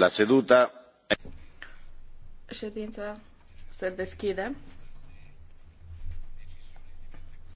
La seduta. Ședința se deschide.